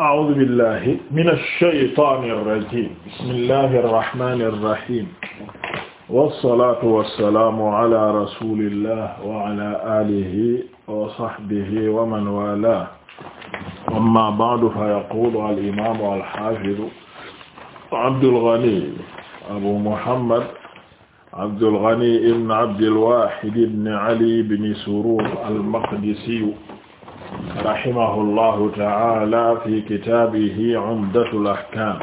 a'uuzu billahi mina shaytaani rajiim bismillahi rahmaani rahiim wassalaatu wassalaamu ala rasuulillah wa ala aalihi wa sahbihi wa man waalaahu ammaa ba'du fa yaquulu al-imaamu al-haafidu Abdul Ghani Abu Muhammad Abdul Ghani ibn Abdil Waahid ibn Ali ibn Suruur al-Maqdisi rahimahullahu ta'ala fi kitaabihi umdatul ahkaam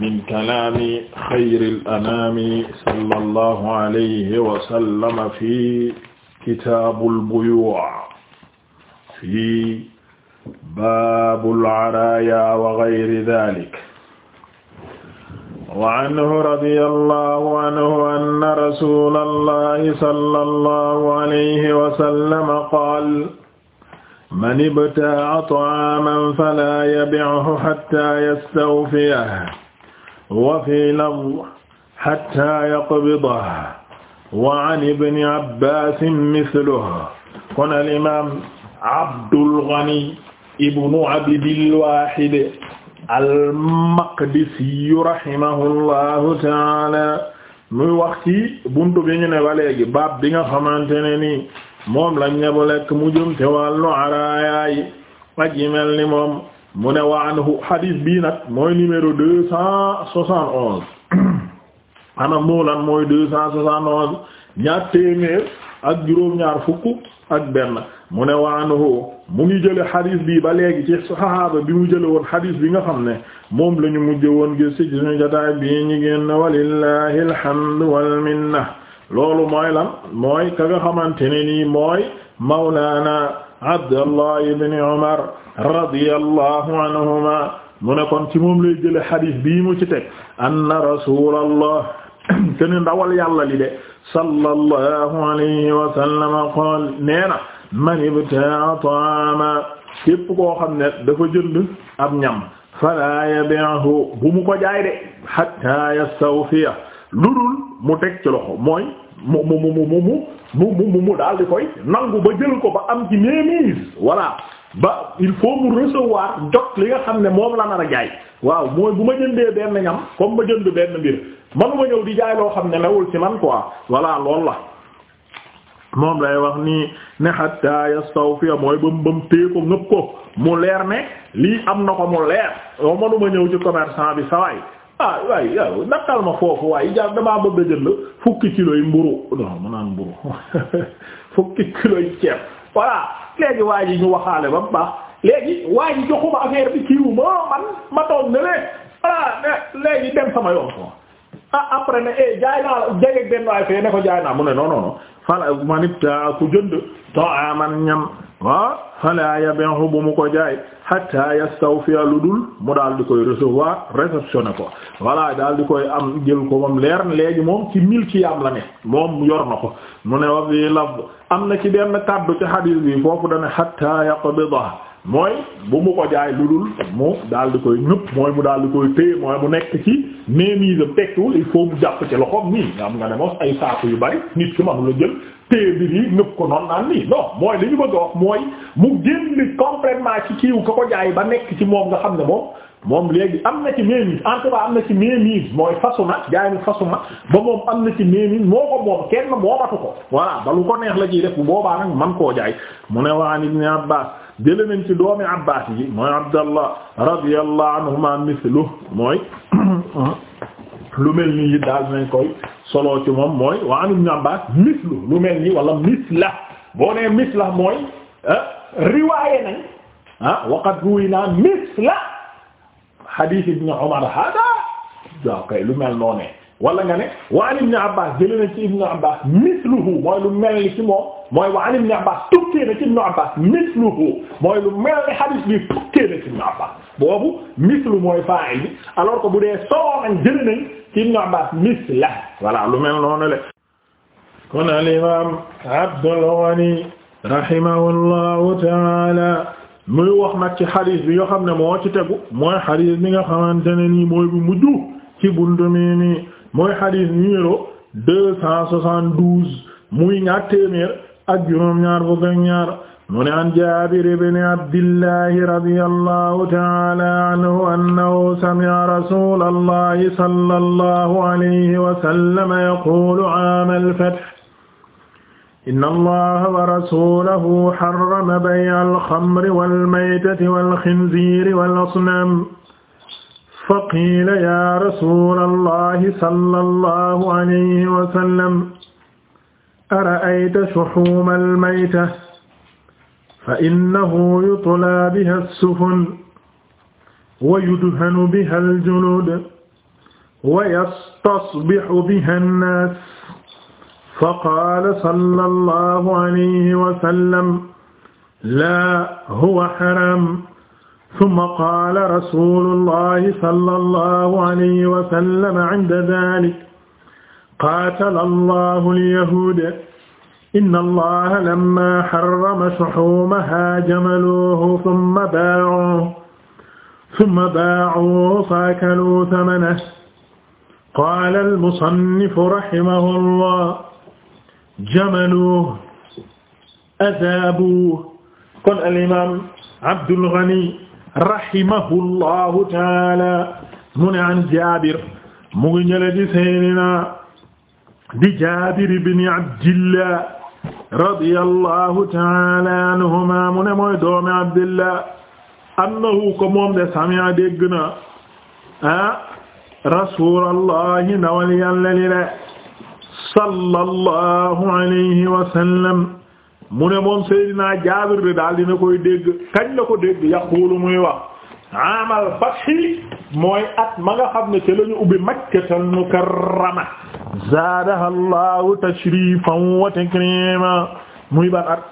min kalaami xayril anaami sallallahu alayhi wa sallam fi kitaabul buyuu' fi baabul araaya wa gayri daalik wa anhu radiyallahu anhu anna rasuulallahi sallallahu alayhi wa sallam qaala man ibtaa'a ta'aaman falaa yabi'hu hattaa yastawfiyahu wa fii lafdin hattaa yaqbidahu wa 'an ibni abbaasin mithluhu kon al-imaam Abdul Ghani ibnu Abdil Waahid al-Maqdisi rahimahullahu ta'aala muy wax ci buntu bi ñu ne ba léegi baab bi nga xamante ne nii moom lañ ne bu lekk mu jëm te wàllu araaya yi ak yi mel ni moom mu ne wa anhu hadis bii nag mooy numéro deux cent soixante onze ana muulan mooy deux cent soixante onze ñaar téeméer ak juróom-ñaar fukk ak benn mu ne wa anhu mu ngi jële hadis bii ba léegi ci sahaaba bi mu jële woon hadis bi nga xam ne moom lañu ñu mujj woon gis ci suñu jotaay bii ñu génn walillahi alhamdu wal loolu mooy la mooy ka nga xamante ne nii mooy mawlaana abdallah ibn anhuma mu ne kon ci moom lay jële bii mu ci teg anna rasulallah kene ndawal yàlla li de sallallahu alayhi wa sallam qaal man ibtaa taama képp koo xam ne dafa jënd ab ñam fala yabi'hu bu mu ko jaay de hatta lu dul mu teg ci loxo mooy mu mu mu mu mu mu mu mu daal di koy nangu ba jël ko ba am ci mémise voilà ba il faut mu recevoir jot li nga xam ne moom la nar a jaay waaw mooy bu ma jëndee benn ñam comme ma jënd benn mbir manuma ñëw di jaay loo xam ne newul ci man quoi voilà loolu la moom lay wax nii ne hatta yastawfiya mooy bam bam téye ko ngëp ko mu leer ne lii am na ko mu leer yow manuma ñëw ci commerçant bi sawaay ah waay yow naqal ma foofu waaye jar damaa bëgg a jënd fukki kilo mburu non mu naan mburu fukki kilo yi ceeb voilà léegi ji ñu waxaale ba baax léegi waa ji bi kii wu ma oh, man ma toog ne leen voilà léegi dem sama yoon quoi ah après ne eh jaay naa la jege benn non non non fan man it ah, ku jënd to aman ah, ñam waaw. Ah. fala yabi'hu bu mu ko jaay hatta yastawfiya lu dul mu daal di koy recevoir réceptionné ko voilà daal di koy am jël ko moom leer léegi moom ci milkiyam la ne moom yor na ko mu ne wa fi lafz am na ci benn kàddu ci hadith bi foofu dane hatta yaqbidah mooy bu mu ko jaay lu dul mu daal di koy ñëpp mooy mu daal di koy téye mooy mu nekk ci mainmise tekkiwul il faut mu jàpp ci loxoom nii nga am nga ne moos ay saaku yu bari nit ki mënu jël téye bi nii nëb ko noonu naan nii non mooy li ñu bëgg wax mooy mu génn complètement ci kiiw ka ko jaay ba nekk ci moom nga xam ne moom moom léegi am na ci méemise en tout am na ci méemise mooy fasu na jaay mi fasu na ba moom am na ci méemise moo ko moom kenn moomatu ko voilà ba lu ko neex la ciy def boobaa nag man koo jaay mu ne waa waan ibn Abbas jële nañ ci doomi Abbas yi mooy Abdallah radiyallahu anhuma mithlu mooy lu mel nii daal nañ koy solo ci moom mooy wa an ibn Abbas mislu lu ni wala misla boo nee misla mooy ah, riwaaye nañ ah waqad ruwina misla hadith ibn lu mel noonu wala nga wa an ibn Abbas jëlee na ibn Abbas misluhu mooy ibn Abbas tukkee hadith ibn Abbas boobu mislu mooy fa'il bi alors que bu dee solo nañ jël nañ ci Ibn Abbas misla voilà lu mel noonu le kon al imam Abdul Ghani rahimahullahu taala muy wax nag ci xadis bi yoo xam ne moo ci tegu mooy xadis bi nga xamante ne nii mooy bu mujj ci buntu mi nii mooy xadis numéro deux cent soixante-douze muy ñaar téeméer ak juróom ñaar fukk ak ñaar mu ne an Jaabir ibn Abdillahi radiyallahu ta'ala anhu annahu sami'a rasulallahi sallallahu alayhi wa sallam yaqulu 'aama al-fath inna allaha wa rasulahu harrama bay'a al-khamri wal-maytati wal-khinziiri wal-asnaami faqiila yaa rasuulallahi sallallahu alayhi wa sallam ara'ayta shuhuuma al-maytati fa innahu yutla biha as-sufun wa yudhanu biha al-julud wa yastasbihu biha an-nas faqaala sallallahu alayhi wa sallam laa huwa haram summa qaala rasuulullahi sallallahu alayhi wa sallam inda dhaalika qaatala allahu al-yahuud inna allaha lamma harrama shuhumaha jamaluhu thumma baa'uhu thumma baa'uhu faakalu thamanahu qaala al-musannifu rahimahullah jamaluhu azaabuhu kon al-imaam Abdul Ghani rahimahullahu ta'aala mu ne an Jaabir mu ngi ñële di Seydina di Jaabir ibn Abdillah radiyallahu taala anhuma mu ne mooy doomi abdillah annahu ko moom de sami'a dégg na ah rasulallahi ndawal le sallallahu alayhi wa sallam mu ne moom Seydina Jaabir de daal dina koy ko dégg yaqulu muy wax amal fathi mooy at ma nga xam ne ca la ñu ubbi Mukarrama zaadaha allahu tashrifan wa takrima muy ban at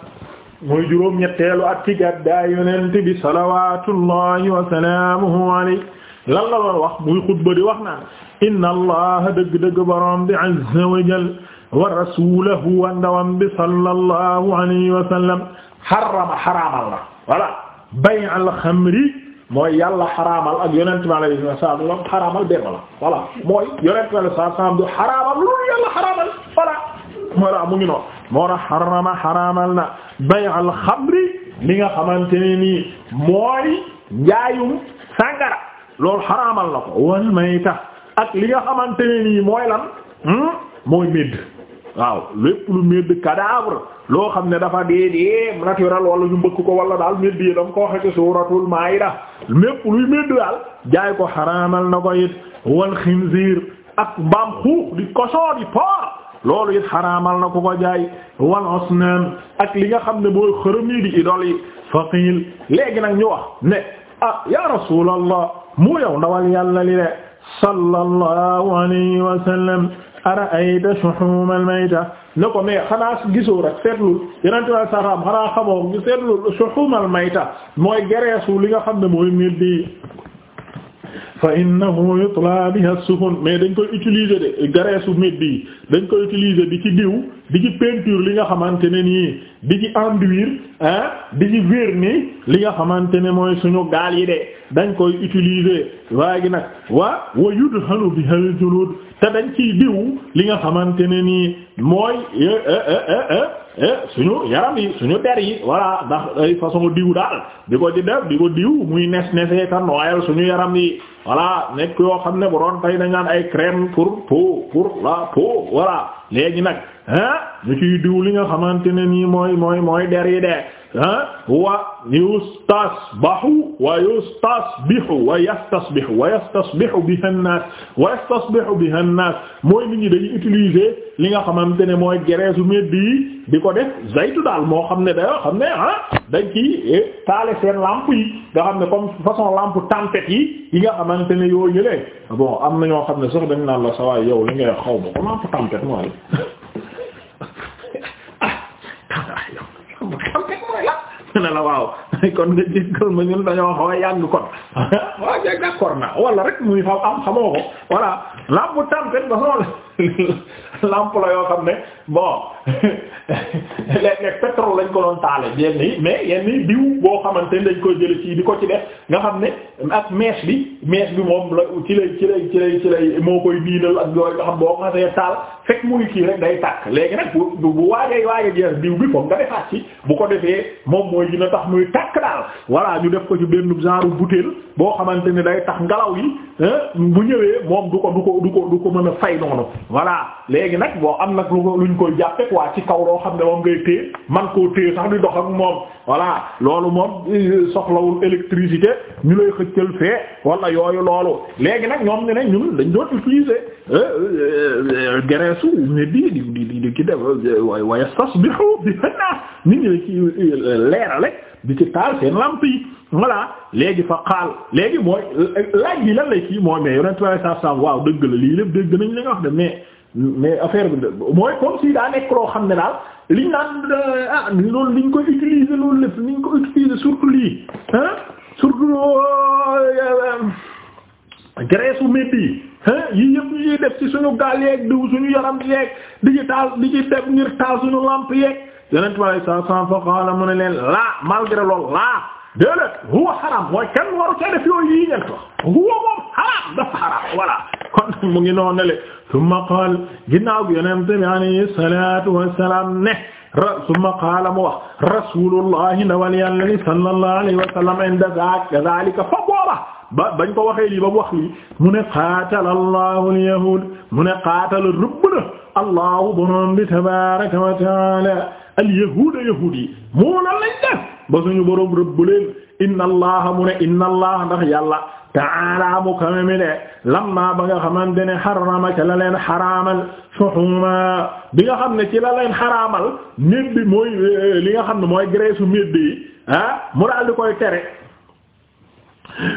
muy juróom ñetteelu at ci gàddaay yonent bi salawatullahi wa salaamuhu alayhi lan la doon wax muy xutba di wax naan inna allaha dëgg-dëgg boroom bi azza wa jal wa rasulahu wa ndawam bi sallallahu alayhi wa sallam xarama xaraamal na voilà bay al xamri mooy yàlla xaraamal ak yonent bi alayhi salaatu wa salaam xaraamal benn la voilà mooy yonent bi alayhi salaatu wa salaam du xaraamal loolu yàlla xaraamal voilà voilà mu ngi noonu moo tax xarama xaraamal na bay al xamri li nga xamante ne nii mooy njaayum sàngara loolu xaraamal na ko wal mayta ak li nga xamante ne nii mooy lan hmm? mooy médd waaw lépp lu médd loo xam ne dafa dee dee naturel wala ñu mbëkk ko wala daal médd yi dama ko waxe ci suuratul maayida lépp luy médd daal jaay ko xaramal na ko it wal xinziir ak mbaam xuux di cochon di porc loolu it xaramal na ko ko jaay wal asnaan ak li nga xam ne mooy xërëm yi di faqiil léegi nag ñu wax ne ah ya rasuulallah mu yow ndawal yàlla li de sallallahu alayhi wa sallam ara'ayta shuhum al-mayta ne ko mais xanaa gisoo rek seetlu yeneen tubaab saxaam xanaa xamoo seetlu shuhum al-mayta mooy gereesu li nga xam ne mooy mir di fa innahu yutla biha sufun mais dañ koy utiliser de graisse medd yi dañ koy utiliser di ci diw di ci peinture li nga xamante ne nii di ci enduire ah di ci vernis li nga xamante ne mooy suñu gaal yi de dañ koy utiliser waaye gi nag waa wa yudhanu biha al julud te dañ ciy diw li nga xamante ne nii mooy eh, eh, eh, suñu yaram yi suñu der yi voilà ndax ay façon diw daal di ko di def di ko diw muy nes nesee ka nooyal suñu yaram yi voilà nekk yoo xam ne bu doon tey dañ ay crème pour peau pour la peau voilà léegi nag ah ñu ciy diw li nga xamante ne nii mooy mooy mooy der yi de wa yustasbahu wa yustasbihu wa yastasbihu wa yastasbihu biha an-nas wa yastasbihu biha an-nas mooy nit ñi dañuy utiliser li nga xamante ne mooy gereesu medd yi di ko def zaytu daal moo xam ne dayoo xam ne ah dañ ci eh, taale seen lampe yi nga xam ne comme façon lampe tempête yi yi nga xamante ne yoo yëlee bon am na ñoo xam ne sax dañ naan la sawaay yow li ngay xaw ma ko lampe tempête mooy ne la waaw kon nga jéggal ma ñun dañoo xaw a yàgg kon waaw jag d'accord na wala rek muy xaw am xamoo ko voilà lambu tempête ba sool lampe la yoo xam ne bon léeg-léeg pétrole lañ ko doon taale yenn yi mais yenn yi boo xamante ni dañ koy jële ci di ko ci def nga xam ne ak mèche bi mèche bi moom la ci lay ci lay ci moo koy niinal ak yooyu nga xam boo ko xasee taal fekk mu ngi kii rek day tàkk léegi nag bu bu waajee waajee jeex diw bi foog nga defaat ci bu ko defee moom mooy dina tax muy tàkk daal voilà ñu def ko ci benn genre butéel boo xamante ni day tax ngelaw yi bu ñëwee moom du ko du mën a fay noonu voilà léegi nag boo am nag lu luñ koy jàppe quoi ci kaw loo xam ne moom ngay téye man koo téye sax di dox ak moom voilà loolu moom soxlawul électricité ñu lay xëccal fee wala yooyu loolu léegi nag ñoom ñu ne ñun dañ doon utiliser graisse u ne di di di di ki def waaye stasbihu bi nit ñi ci leerale di ci taal seen lamp yi voilà léegi fa xaal léegi mooy laaj bi lan lay kii mooy mais yonent sallallahu alayhi wasallam waaw dëgg la lii lépp dëgg nañ li nga wax de mais mais affaire bi mooy comme si daa nekk loo xam ne daal liñ naan ah loolu liñ ko utiliser loolu lépp liñ ko utiliser surtout lii hein surtout euh, graisse u métti yi yii yëpp ñu def ci suñu gaal yeeg diw suñu yaram yeeg di ci taal di ci def ngir taal suñu lamp yeeg yeneen tubaab yi saa saa fa qaala mu ne leen laa malgré loolu laa déedéet huwa xaram mooy kenn waru caa def yooyu yi ngeen wax huwa moom xaram dafa xaram voilà kon mu ngi noonu le summa qaala ginnaaw bi yonent bi alayhi salaatu wassalaam ne summa qaala mu wax rasuulullahi ndawal yàlla li sallallahu alayhi wa sallam inda zaalika fa booba ba bañ ko waxee lii ba wax lii mu ne qaatala allahu al-yahuud mu ne qaatala rëbb na allahu borom bi tabaaraka wa ta'aala al yahuuda yahuud yi moo la lañ ba suñu boroom rëbb leen inna allaha mu ne inna allah ndax yàlla ta'ala mu kame mi de lamma ba nga xamante ne xarama ca la leen xaraamal suhuma bi nga xam ne ci la leen xaraamal medd bi mooy eh, li nga xam ne mooy graisse u medd yi ah mu daal di koy tere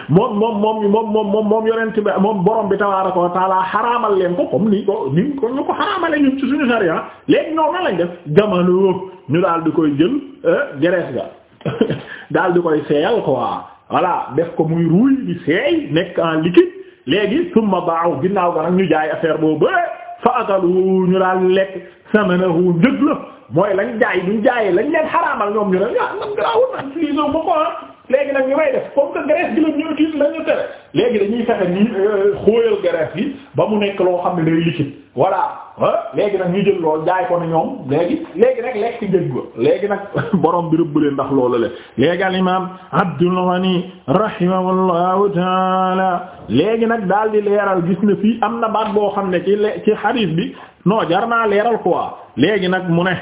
moom moom moom moom moom moom yonent bi moom borom bi tabaaraka wa taala xaraamal leen ko comme ni ko ni ko ñu ko xaraamale ñun ci suñu sariya léegi noonu lañ def jamono ñu daal di koy jël eh, graisse ga daal di koy seeyal quoi voilà def ko muy ruuy di seey nekk en liquide léegi summa baaw ginnaaw ga nag ñu jaay affaire boobu eh, fa akalu ñu daal lekk samanahu njëg la mooy lañ jaay duñ jaayee lañ leen xaraamal ñoom ñu ne ah man garaawul man lii soo ko ah. léegi nag ñu may def comme que graisse gi la tere léegi dañuy fexe nii euh, xóoyal graisse gi ba mu nekk loo xam ne day liquide voilà léegi nag ñu jël lool jaay ko ne ñoom léegi léegi nag lekk njëg ba léegi nag borom bi rëbb leen ndax loolu la léegi al imaam Abdul Ghani rahimahullahu taala léegi nag daal di leeral gis na fii am na baat boo xam ne ci ci xarit bi noo jar naa leeral quoi léegi nag mu ne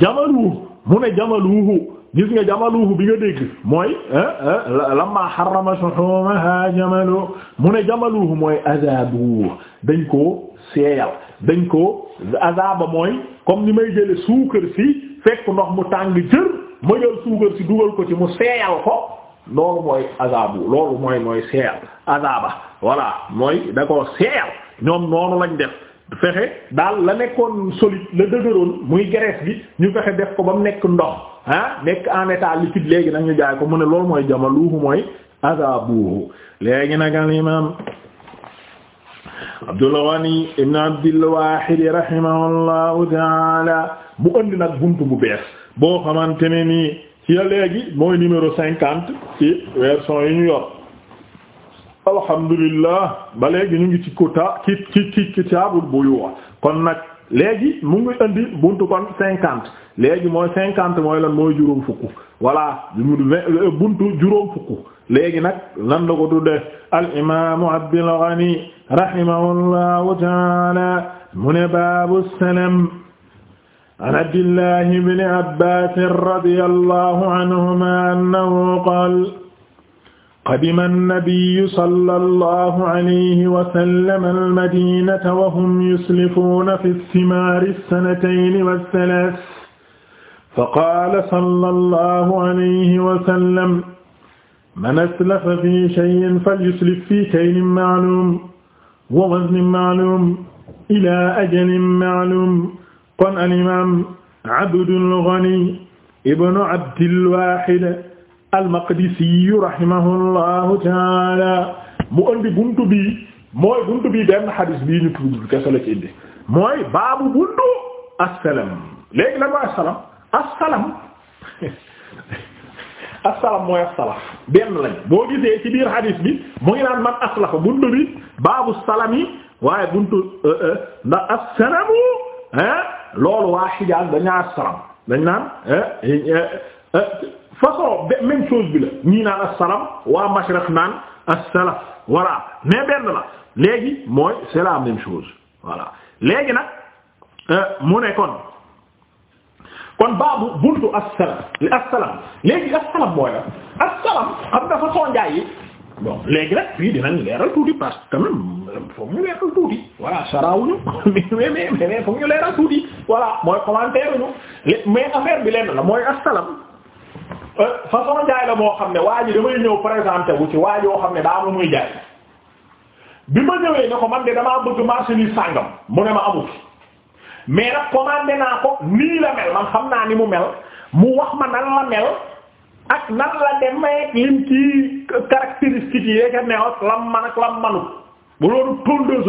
jamaluhu mu ne jamaluhu gis nga jamaluhu bi nga dégg mooy lamma harrama shuhumaha jamalu mu ne jamaluhu mooy azabu dañ koo seeyal dañ koo azaba mooy comme ni may jële suukar si fekk ndox mu tàng jër ma jël suukar si dugal ko ci mu seeyal ko loolu mooy azabu loolu mooy mooy seeyal azaba voilà mooy da koo seeyal ñoom noonu lañ def fexe daal la nekkoon solide la dëgëroon muy graisse bi ñu fexe def ko ba mu nekk ndox ah nekk en état liquide léegi nag ñu jaay ko mu ne loolu mooy jamaluhu mooy azabuhu léegi nag al imam Abdul Ghani ibn Abdil Wahid rahimahullahu taala mu andi nag bunt bu bees boo xamante ne nii ci léegi mooy numéro cinquante ci version yi ñu yor alhamdulillah ba léegi ñu ngi ci kuta ci ci ci kitaabul buyu kon nag léegi mu ngi andi buntu kon cinquante léegi mooy cinquante mooy lan mooy juróom fukk voilà buntu juróom fukk léegi nag lan la ko tudde al imaamu Abdul Ghani rahimahullahu taala mu ne baabu salam an Abdillahi ibni Abbaas radiyallahu anhuma annahu qaala qadima annabiyu sala allahu alayhi wasallam almadinata wa hum yuslifuuna fi simaari sanatayni wathalath faqaala sallallahu alayhi wa sallam man aslafa fi shay'in falyuslif fi kaynin ma'luum wa waznin ma'luum ilaa ajalin ma'luum kon al-imaam Abdul Ghani ibn Abdil Waahid al-Maqdisi rahimahullahu ta'aala mu indi buntu bi mooy buntu bi benn xadis bii ñu tudd kese la ci indi mooy baabu buntu asalaam léegi lan waa asalaam assalam assalam mooy assalaf benn lañ boo gisee ci biir hadis bi mu ngi naan man aslafa buntu bi baabu salami waaye buntu euh, euh, ndax assalamu loolu waa Hijaaz dañaa assalam dañ naan euh, façon même chose bi la ñii naan assalam waa Mashraq naan assalaf voilà mais benn la léegi mooy c'est la même chose voilà léegi nag mu kon baabu buntu assalam li assalam léegi assalam mooy la assalam xam nga façon njaay yi bon léegi rek fii dinañ leeral tuuti parce que quand même foog ñu leeral tuuti voilà sarawuñu mais mais mais foog ñu leeral tuuti voilà mooy commentaire ñu mais affaire bi lenn la mooy assalam euh, façon njaay la moo xam ne waa ji damay ñëw présenté wu ci waa joo xam ne daa ma muy jaay bi ma ñëwee ne ko man de damaa bëgg marché ni sàngam mu ne ma amut mais na commandé naa ko nii la mel man xam naa ni mu mel mu wax ma nan la mel ak nan la demee lim ci caractéristiques yi yéeg a ne lam man ak lam manut bu loolu tondeuse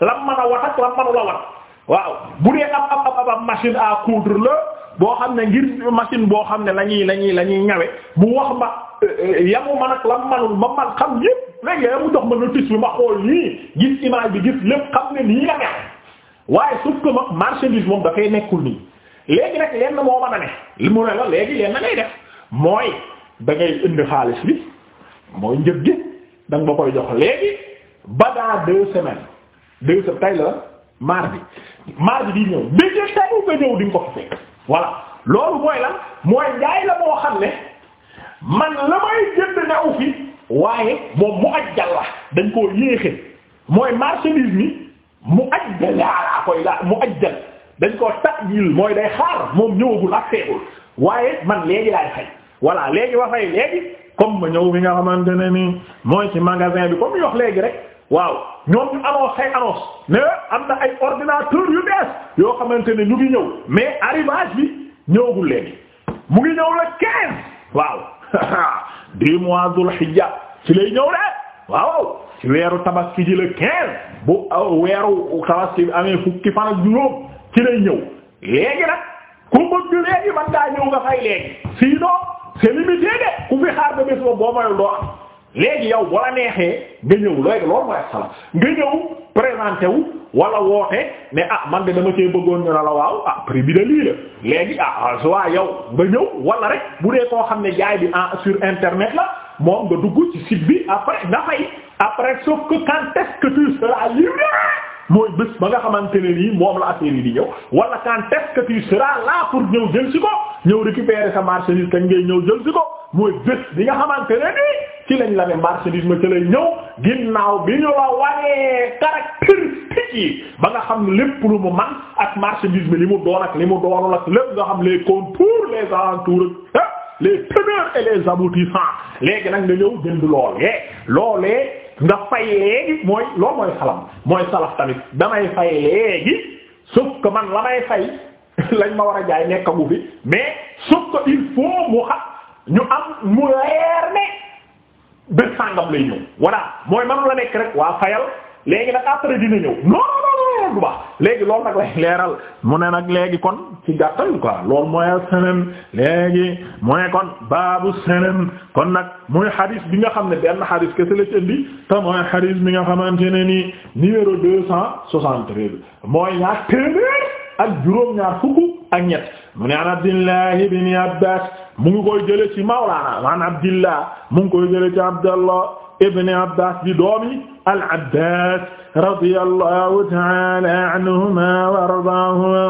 la lam man a wat ak lam manu la wat waaw bu dee ab ab ab ab machine à coudre la boo xam ne ngir machine boo xam ne la ñuy la la ñuy ñawe mu wax ma euh, euh, yamu man ak lam manul ma man xam yépp léegi mu jox ma notice bi ma xool nii gis image bi gis lépp xam ne nii la mel. waaye sauf que ma marchandise moom dafay nekkul nii léegi nag lenn moo mën a ne li mu ne la léegi lenn ngay def mooy da ngay indi xaalis bi mooy njëg gi da nga koy jox léegi ba dans deux semaines deux semaines tay la mardi mardi di ñëw bi jël tay nga ñëw di ko fa fekk voilà loolu mooy la mooy njaay la moo xam ne man la may jënd new fi waaye moom mu ajjal la dañ koo yéexe mooy marchandise mi mu ajjal yaa koy laa mu ajjal dañ koo ta'jil mooy day xaar moom ñëwagul ak seegul waaye man léegi laay fay voilà léegi ba fay léegi comme ma ñëw fi nga xamante ne nii mooy ci magasin bi comme yox léegi rek waaw ñoom ñu annonce ay am na ay ordinateur yu bees yoo xamante ne ñu ngi ñëw mais arrivage bi ñëwagul léegi mu ngi ñëw la quinze waaw deux mois Dul Hijja lay ñëw de waaw ci weeru tabaski ji la quinze bu weeru tabaski amee fukki fan ak juróom ci lay ñëw léegi nag ku bëgg léegi man daa ñëw nga fay léegi sinon c'est limité de ku fi xaar ba bés boo mayul doo léegi yow boo la neexee nga ñëw léegi loolu mooy sala nga ñëw présenté wu walla woote ne ah man de dama cee bëggoon ñu ne la waaw ah prix bi de lii la léegi ah soit yow nga ñëw wala rek bu dee koo xam ne jaay bi en sur internet la. moom nga dugg ci site bi après nga fay après sauf que quand est-ce que mooy bés ba nga xamante ne nii moom la affaire yi di ñëw wala quand est-ce que tu seras là pour ñëw jël si ko ñëw récupérer sa marchandise kañ ngay ñëw jël si ko mooy bés bi nga xamante ne nii ci lañ la ne marchandise ma ci ñëw ginnaaw bi ñu la waree caractéristiques yi ba nga xam lépp lu mu man ak marchandise bi li mu doon ak li mu doonul ak lépp nga xam les contours les alentours ak les tenants et les aboutissants léegi nag nga ñëw jënd loolee loole nga fay léegi mooy loolu mooy xalam mooy salaf tamit damay fay léegi sauf que man la fay lañ ma war a jaay nekk nekkagu fi mais sauf ko il faut mu xam ñu am mu leer ne bés sàngam lay ñëw voilà mooy man la nekk rek waa fayal léegi nag après dina ñëw non non du baax léegi loolu nag leeral mu ne nag léegi kon ci gàttal quoi loolu mooy senen léegi mu ne kon baabu senen kon nag muy xadis bi nga xam ne benn xadis kese la ci indi te mooy xadis bi nga xamante ne ni numéro deux cent soixante-treize mooy ñaar téeméer ak juróom-ñaar fukk ak ñett mu ne an Abdillah ibn Abbas mu ngi koy jële ci mawlaana an Abdillah mu ngi koy jële ci Abdallah ibn Abbas di doomi al-Abbas radiyallahu ta'ala anhuma wa ardaahuma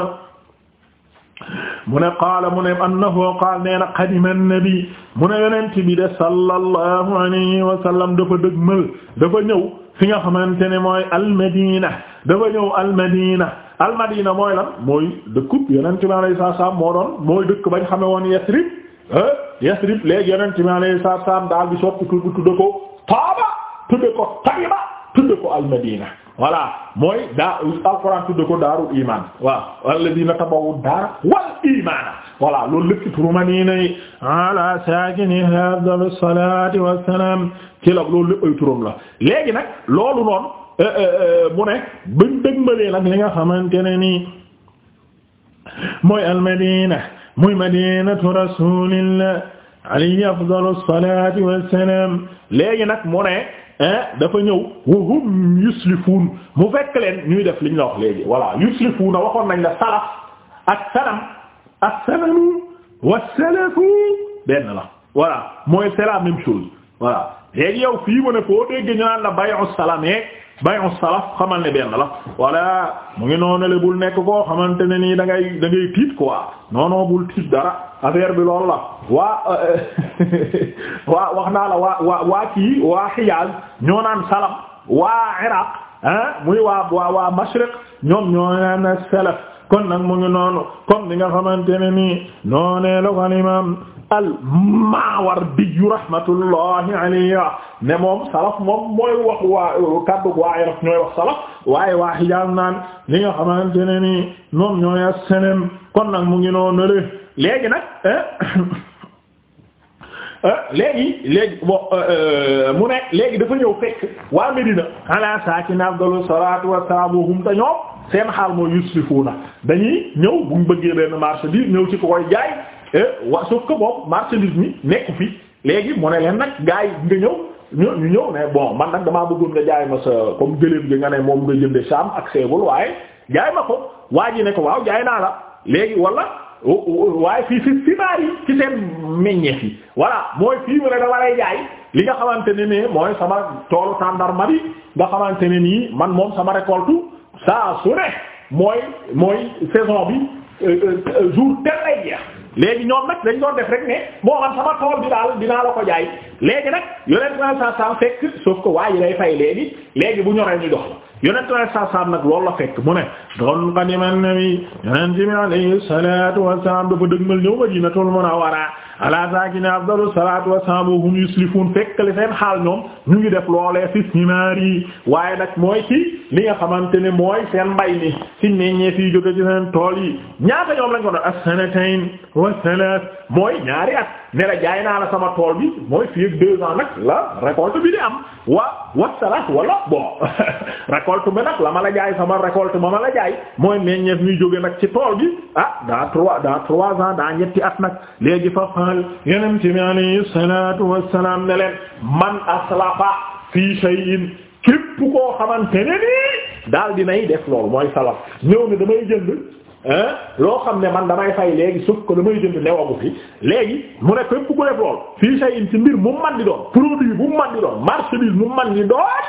mu ne qaala mu ne annahu qaala nee na qadima an-nabi mu ne yonent bi de sallallahu alayhi wa sallam dafa dëgmal dafa ñëw fi nga xamante ne mooy al-Madina dafa ñëw al-Madina almadina mooy lan mooy dëkkub yonent bi alayhi salaam moo doon mooy dëkk bañ xame woon Yasrib Yasrib léegi yonent bi alayhi salaam daal di soppi tudde ko Taaba tudde ko Tayba tudde ko almadina voilà mooy daa alxuraan tudde ko daar wal imaana voilà loolu lépp turu Madina yi ala saakinihaa afdalu salaati wassalaam ci la loolu lépp ay la léegi nag loolu noonu Euh, euh, euh, mu ne bañ dëgmalee nag li nga xamante ne nii mooy almadina muy madinatu rasulillah alayhi afdalu salati wassalam léegi nag mu ne dafa ñëw wa hum yuslifuun mu fekk leen ñuy def liñ la wax léegi voilà yuslifuuna waxoon nañ la salaf ak salam ak salamu wa salafu benn la voilà mooy c'est la même chose voilà léegi yow fii mu ne foo dégg ñu naan la bay'u salaam bayu salaf xamal ne benn la voilà mu ngi noonale bul nekk koo xamante ne nii da ngay da ngay tiit quoi bul tiit dara affaire bi lool la euh, waa wax naa la waa waa waa kii waa Hijaz ñoo naan salaf waa Iraq ah muy waa Mashriq ñoom ñoo naan kon nag mu noonu comme ni nga xamante ne nii noonee la ko al imam al Maawardi rahmatullahi alayhi ne moom salaf moom mooy wax waa kaddu waa Iraq ñooy wax salaf waaye waa Hijaaz naan li nga xamante ne nii moom ñooy as-Salam kon nag mu ngi noonu le léegi nag eh, eh, léegi léegi bon eh, mu ne léegi dafa ñëw fekk waa Medina ala saakin afdalu salaatu te ñoom seen xaal mooy yusrifuuna dañuy ñëw buñ bëggee benn marché ñëw ci ko koy jaay wa su que moom marchandise mi nekku fi léegi mu ne leen nag gars yi nga ñëw ñu ñu ñëw ne bon man nag damaa bëggoon nga jaay ma sa comme gëléem gi nga ne moom nga jënde saam ak seebul waaye jaay ma ko waa ji ko waaw jaay naa léegi wala waaye fii fi sibaar yi ci seen meññeef yi voilà mooy fii mu ne dama lay jaay li nga xamante ne ne mooy sama toolu tàndarma bi nga xamante ne nii man moom sama récolte saa su ne mooy mooy saison bi euh, euh, euh, jour tel lay jeex léegi ñoom nag dañ doon def rek ne moo xam sama tool bi daal dinaa la ko jaay léegi nag yonent na saa saam fekk sauf que waa yi lay fay léegi léegi bu ñoree ñu dox la yonent na saa saam nag loolu la fekk mu ne doon qadiman nabi yonent bi alayhi salatu wassalam dafa dëgmal ñëw Madinatul Munawwara ala saakini afdalu salaatu wassalaam wa hum yuslifuun fekk li seen xaal ñoom ñu ngi def loolee fi simaar yi waaye nag mooy ci li nga xamante ne mooy seen mbay mi ci meññeef yi jóge ci seen tool yi ñaata ñoom lañ ko doon as-sanatayn wa thalath mooy ñaari at ne la jaay naa la sama tool bi mooy fii ak deux ans nag la récolte bi di am wa wasalaat wala bon récolte bi nag la ma la jaay sama récolte ma ma la jaay mooy meññeef ñuy jóge nag ci tool bi ah daa trois daa trois ans daa ñetti at nag léegi fa xaal yeneen ci mi wassalaam ne leen man aslafa fii shay'in képp koo xamante ne nii daal dinay def loolu mooy salaf ñëw ne damay jënd loo xam ne man damay fay léegi sauf que damay jënd newagu fi léegi mu ne képp ku def lool fii say in ci mbir mu man di doon produit bu man di doon marchandise mu man di doon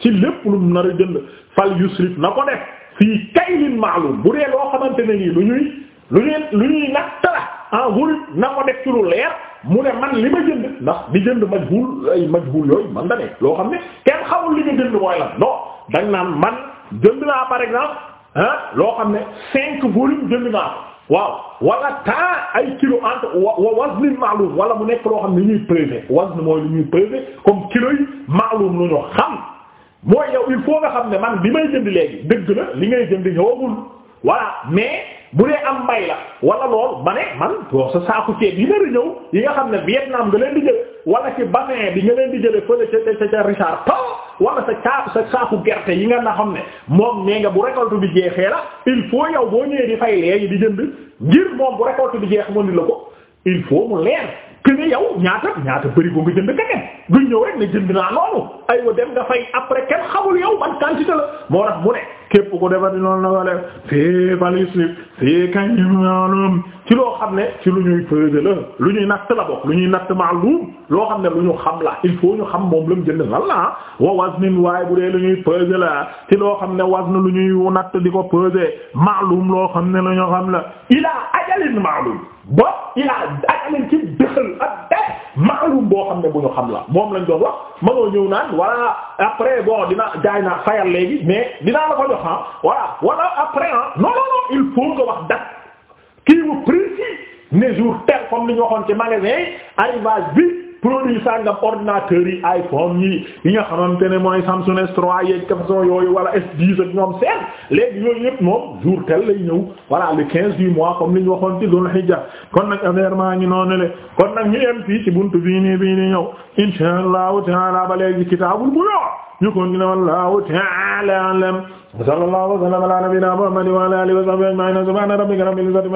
ci lépp lu mu a jënd fal yusrif na ko def fii kaylin maalum loo xamante ne nii lu ñuy lu ñuy lu ñuy natt la en volume na ko def leer mu ne man li ma jënd ndax di jënd majhul ay majhul yooyu man da ne loo xam ne kenn xamul li nga jënd mooy lan non dañ naan man jënd naa par exemple ah loo xam ne cinq volume jënd naa waaw wala temps ay kilo entre wa wazn ma'lum wala mu nekk loo xam ne li ñuy peser wazn mooy li ñuy peser comme kilo yi ma'lum lu ñu xam mooy yow il faut nga xam ne man bi may jënd léegi dëgg la li ngay jënd ñëwagul voilà mais bu dee am mbay la wala lool ma ne man doo sa saaku ceeb yi nar a ñëw yi nga xam ne Vietnam nga leen di jële wala ci basin bi nga leen di jële fële ca ca Richard Toll wala sa caa sa saaku gerte yi nga na xam ne moom nee nga bu récolte bi jeexee la il faut yow boo ñëwee di fay yi di jënd ngir moom bu récolte bi jeex mu ni la ko il faut mu leer que ne yow ñaata ñaata bëri ko nga jënd keneen duñ ñëw rek naa loolu aywa dem nga fay après kenn xamul yow ban quantité la moo tax mu ne képp ko defati noonu la nga def fee balisli ci loo xam ne ci lu ñuy peser la lu ñuy natt la bokk lu ñuy natt maalum loo xam ne lu ñu xam la il faut ñu xam moom la mu jënd lan la ah. wa waznin waaye bu dee lu ñuy peser la ci loo xam ne wazn lu ñuy natt di ko peser maalum loo xam ne lu ñu xam la ilaa ajalin maalum ba ilaa ajalin ci boo xam ne bu ñu xam la moom lañ doo wax mënoo ñëw naan voilà après bon dina jaay naa fayal léegi mais dinaa la ko jox ah voilà wala après ah non non il faut nga wax date kii wu précis ne jour tel comme ni ñu waxoon ci magasin arrivage bi. produit sangam ordinateur yi iPhone yi yi nga xamante ne mooy Samsung S3 yeeg façon yooyu wala S10 ak ñoom seen léegi yooyu yëpp moom jour tel lay ñëw voilà le 15 du mois comme li ñu waxoon ci Dul Hijja kon nag affaire maa ngi noonu le kon nag ñu ci buntu bii nii bii nii ñëw insha Allahu ta'ala ba léegi kitaabul buyu' ñu ko gën a wallahu ta'ala a'lam wa sallallahu wa sallama ala nabiyyina Muhammad wa ala alihi wa sahbihi ajma'in subhana rabbika rabbil izzati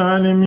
amma